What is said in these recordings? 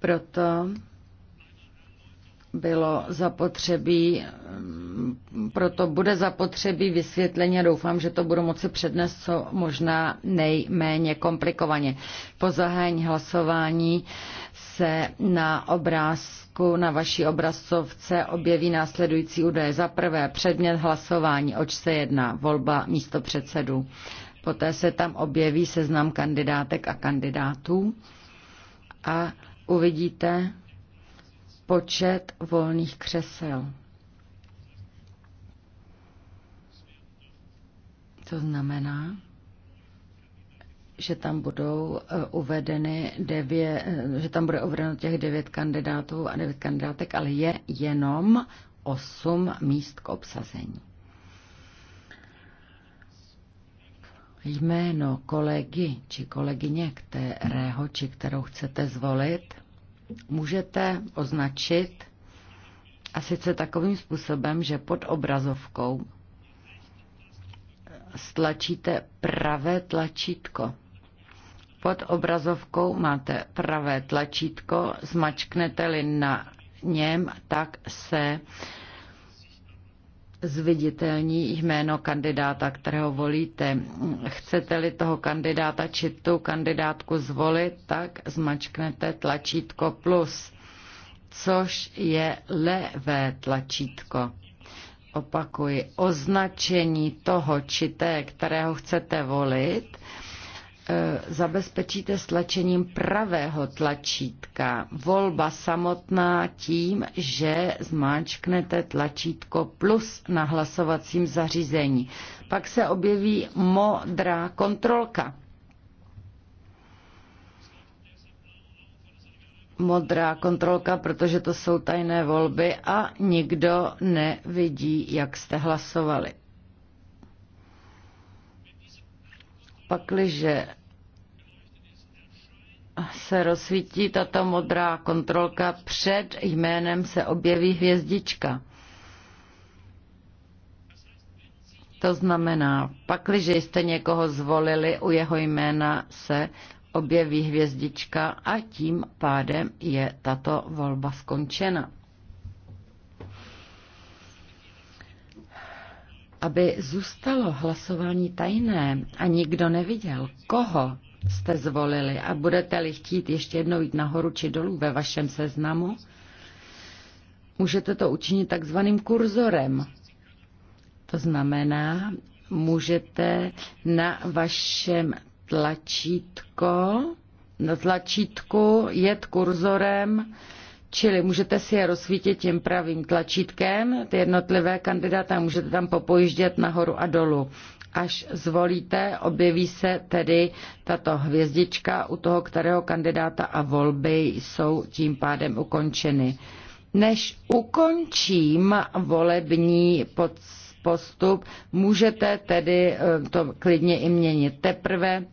Proto bylo zapotřebí, mm, proto bude zapotřebí vysvětlení a doufám, že to budu moci přednést co možná nejméně komplikovaně. Po zahájení hlasování se na obrázku, na vaší obrazcovce objeví následující údaje. Za prvé předmět hlasování, oč se jedná, volba místo předsedů. Poté se tam objeví seznam kandidátek a kandidátů a uvidíte počet volných křesel. To znamená, že tam budou eh, uvedeny devět, eh, že tam bude uvedeno těch devět kandidátů a devět kandidátek, ale je jenom osm míst k obsazení. jméno kolegy či kolegyně, kterého či kterou chcete zvolit, můžete označit a sice takovým způsobem, že pod obrazovkou stlačíte pravé tlačítko. Pod obrazovkou máte pravé tlačítko, zmačknete-li na něm, tak se zviditelní jméno kandidáta, kterého volíte. Chcete-li toho kandidáta či tu kandidátku zvolit, tak zmačknete tlačítko plus, což je levé tlačítko. Opakuji, označení toho či té, kterého chcete volit, Eh, zabezpečíte stlačením pravého tlačítka. Volba samotná tím, že zmáčknete tlačítko plus na hlasovacím zařízení. Pak se objeví modrá kontrolka. modrá kontrolka, protože to jsou tajné volby a nikdo nevidí, jak jste hlasovali. Pakliže se rozsvítí tato modrá kontrolka, před jménem se objeví hvězdička. To znamená, pakliže jste někoho zvolili, u jeho jména se objeví hvězdička a tím pádem je tato volba skončena. Aby zůstalo hlasování tajné a nikdo neviděl, koho jste zvolili a budete-li chtít ještě jednou jít nahoru či dolů ve vašem seznamu, můžete to učinit takzvaným kurzorem. To znamená, můžete na vašem tlačítko, na tlačítku jet kurzorem, čili můžete si je rozsvítit tím pravým tlačítkem, ty jednotlivé kandidáty, a můžete tam popojíždět nahoru a dolů až zvolíte, objeví se tedy tato hvězdička u toho, kterého kandidáta a volby jsou tím pádem ukončeny. Než ukončím volební postup, můžete tedy eh, to klidně i měnit. Teprve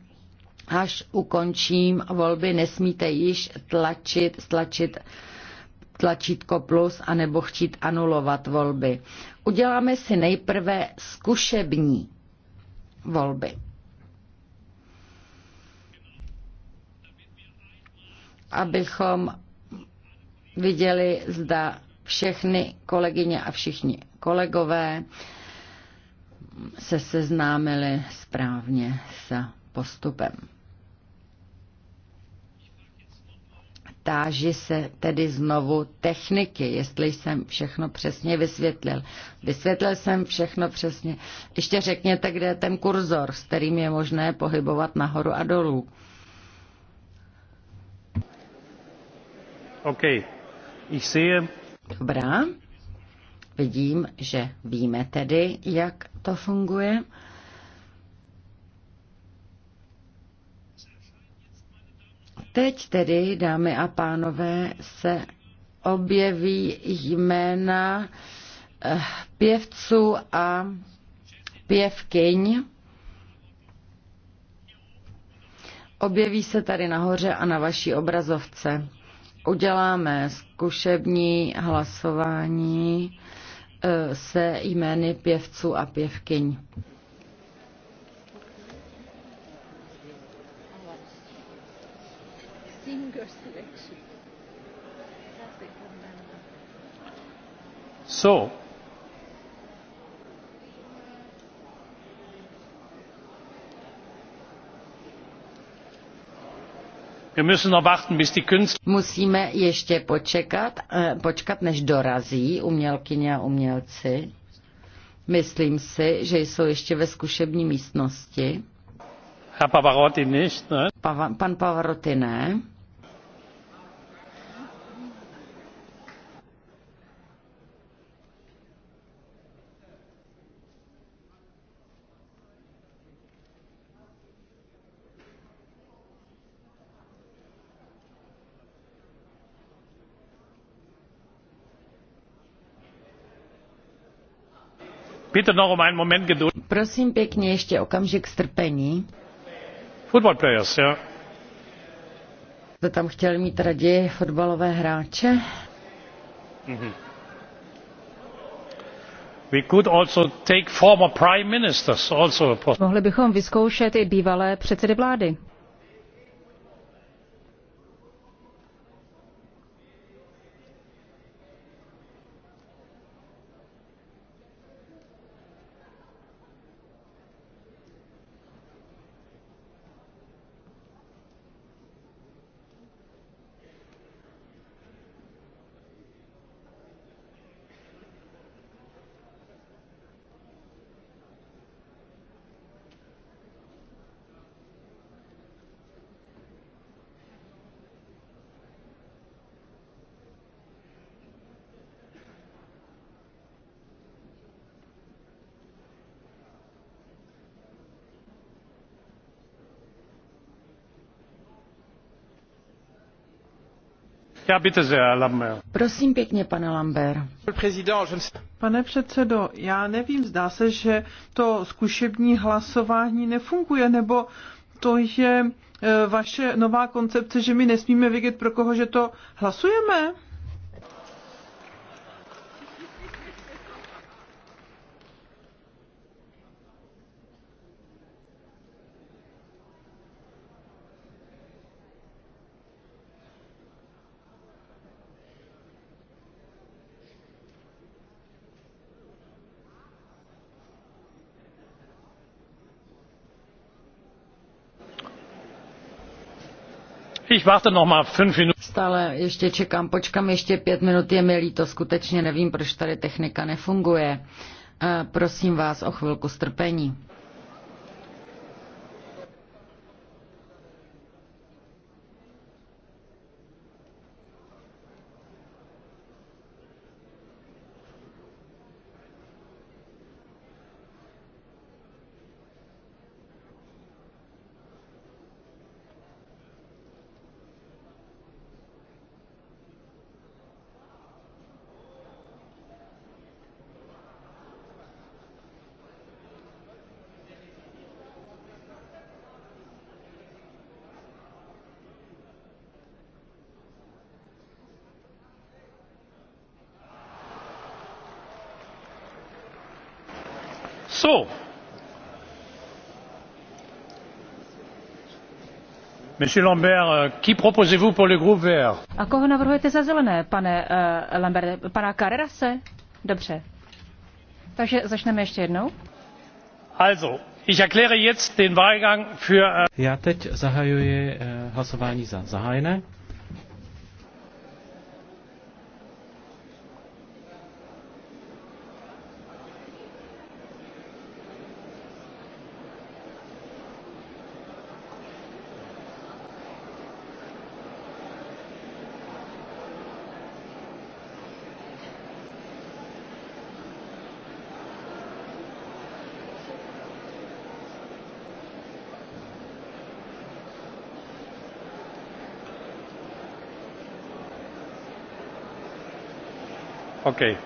až ukončím volby, nesmíte již tlačit, stlačit tlačítko plus anebo chtít anulovat volby. Uděláme si nejprve zkušební volby. Abychom viděli, zda všechny kolegyně a všichni kolegové se seznámili správně s postupem. Táži se tedy znovu techniky, jestli jsem všechno přesně vysvětlil. Vysvětlil jsem všechno přesně. Ještě řekněte, kde je ten kurzor, s kterým je možné pohybovat nahoru a dolů. OK. Ich sehe... Dobrá. Vidím, že víme tedy, jak to funguje. Teď tedy, dámy a pánové, se objeví jména eh, pěvců a pěvkyň. Objeví se tady nahoře a na vaší obrazovce. Uděláme zkušební hlasování eh, se jmény pěvců a pěvkyň. singer selection. So, Musíme ještě počekat, eh, počkat, než dorazí umělkyně a umělci. Myslím si, že jsou ještě ve zkušební místnosti. Herr Pavarotti nicht, ne? Pa, pan Pavarotti ne. Um Prosím pěkně, ještě okamžik strpení. Football players, yeah. Jste tam chtěl mít raději fotbalové hráče? Mm-hmm. We could also take former prime ministers also. Mohli bychom vyzkoušet i bývalé předsedy vlády. Prosím pěkně, pane Lambert. Pane předsedo, já nevím, zdá se, že to zkušební hlasování nefunguje, nebo to je e, vaše nová koncepce, že my nesmíme vědět, pro koho, že to hlasujeme? Stále ještě čekám, počkám ještě pět minut, je milý, to skutečně nevím, proč tady technika nefunguje. Eh, prosím vás o chvilku strpení. So. Monsieur Lambert, euh, qui proposez-vous pour le groupe vert? A koho navrhujete za zelené, pane uh, Lambert? Pana Carrerase? Dobře. Takže začneme ještě jednou. Also, ich erkläre jetzt den Wahlgang für... Uh... Já teď zahajuji uh, hlasování za zahájené. Okay.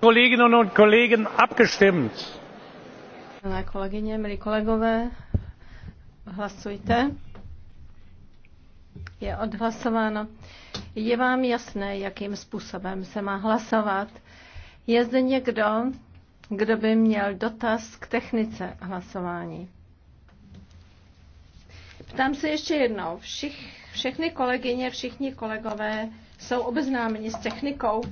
Kolleginnen und Kollegen abgestimmt. Milé kolegyně, milí kolegové, hlasujte. Je odhlasováno. Je vám jasné, jakým způsobem se má hlasovat? Je zde někdo, kdo by měl dotaz k technice hlasování? Ptám se ještě jednou. Všich, všechny kolegyně, všichni kolegové jsou obeznámeni s technikou.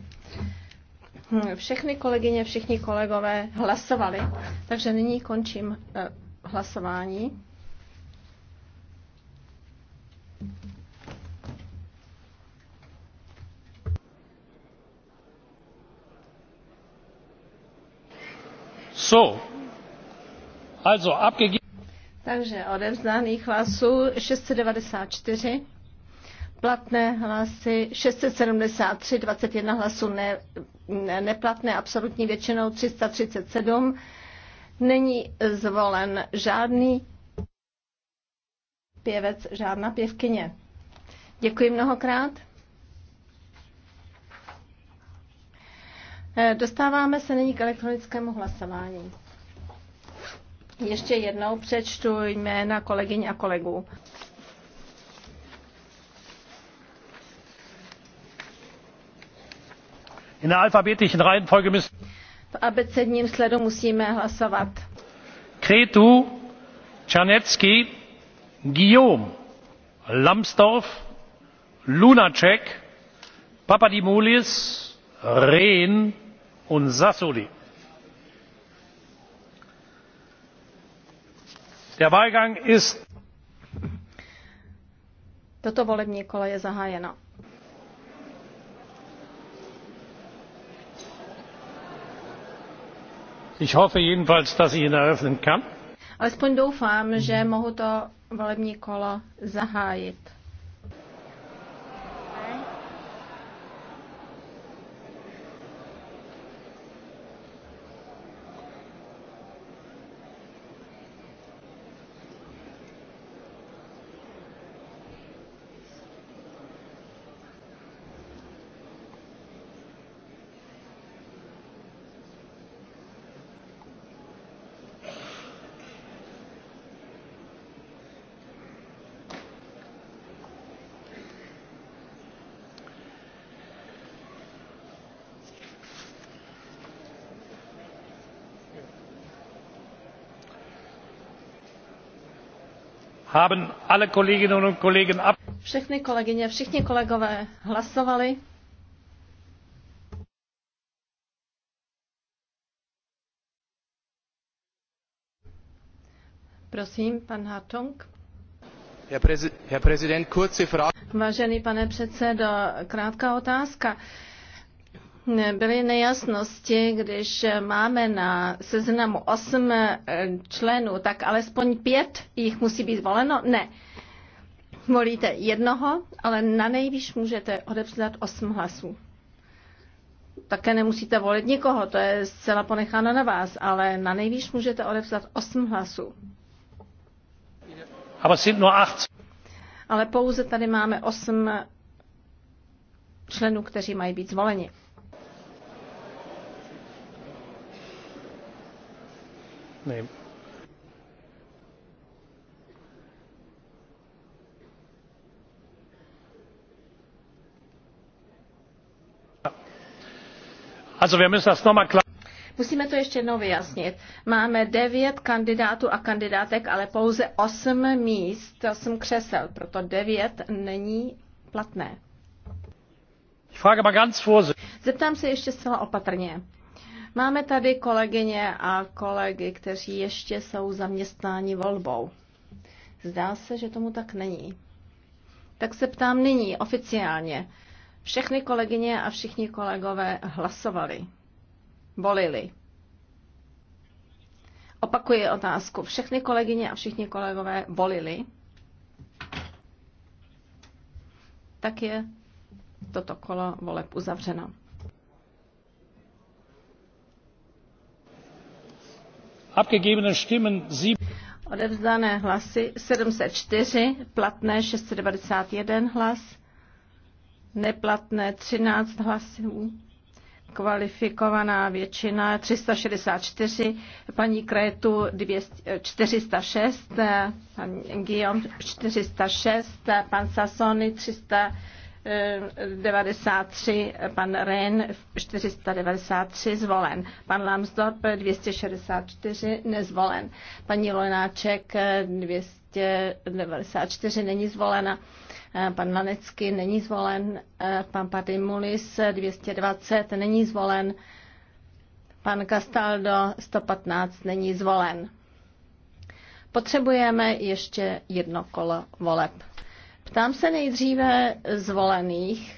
Hm, všechny kolegyně, všichni kolegové hlasovali. Takže nyní končím eh, hlasování. So, also abgegeben. Takže odevzdaných hlasů 694, platné hlasy 673, 21 hlasů ne, ne, neplatné absolutní většinou 337. Není zvolen žádný pěvec, žádná pěvkyně. Děkuji mnohokrát. Dostáváme se nyní k elektronickému hlasování. Ještě jednou přečtu jména kolegyň a kolegů. In der alphabetischen Reihenfolge müssen v abecedním sledu musíme hlasovat. Kretu, Czarnecki, Guillaume, Lambsdorff, Lunacek, Papadimoulis, Rehn und Sassoli. Toto volební kolo je zahájeno. Ich hoffe jedenfalls, dass ich ihn eröffnen kann. Alespoň doufám, že mohu to volební kolo zahájit. Všechny kolegyně, všichni kolegové hlasovali. Prosím, pan Hartung. Vážený pane předsedo, krátká otázka byly nejasnosti, když máme na seznamu osm eh, členů, tak alespoň pět jich musí být voleno? Ne. Volíte jednoho, ale na nejvýš můžete odepsat osm hlasů. Také nemusíte volit nikoho, to je zcela ponecháno na vás, ale na nejvýš můžete odepsat osm hlasů. Ale pouze tady máme osm členů, kteří mají být zvoleni. Musíme to ještě jednou vyjasnit. Máme devět kandidátů a kandidátek, ale pouze osm míst, osm křesel, proto devět není platné. Zeptám se ještě zcela opatrně. Máme tady kolegyně a kolegy, kteří ještě jsou zaměstnáni volbou. Zdá se, že tomu tak není. Tak se ptám nyní, oficiálně. Všechny kolegyně a všichni kolegové hlasovali, volili. Opakuji otázku. Všechny kolegyně a všichni kolegové volili. Tak je toto kolo voleb uzavřeno. abgegebene Stimmen Odevzdané hlasy 704, platné 691 hlas, neplatné 13 hlasů, kvalifikovaná většina 364, paní Kretu 406, pan Guillaume 406, pan Sassoni 300. 93, pan Ren 493 zvolen, pan Lambsdorp 264 nezvolen, paní Lonáček 294 není zvolena, pan Lanecký není zvolen, pan Padimulis 220 není zvolen, pan Castaldo 115 není zvolen. Potřebujeme ještě jedno kolo voleb. Ptám se nejdříve zvolených.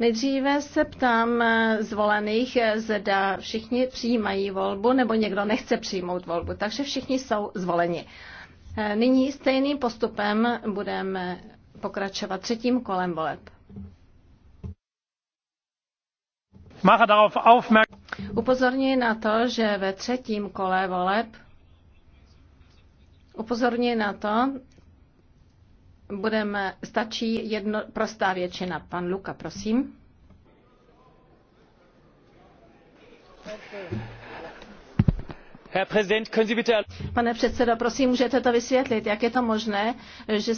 Nejdříve se ptám zvolených, zda všichni přijímají volbu nebo někdo nechce přijmout volbu. Takže všichni jsou zvoleni. Nyní stejným postupem budeme pokračovat třetím kolem voleb. Upozorňuji na to, že ve třetím kole voleb upozorňuji na to, budeme, stačí jedno, prostá většina. Pan Luka, prosím. Pane předsedo, prosím, můžete to vysvětlit, jak je to možné, že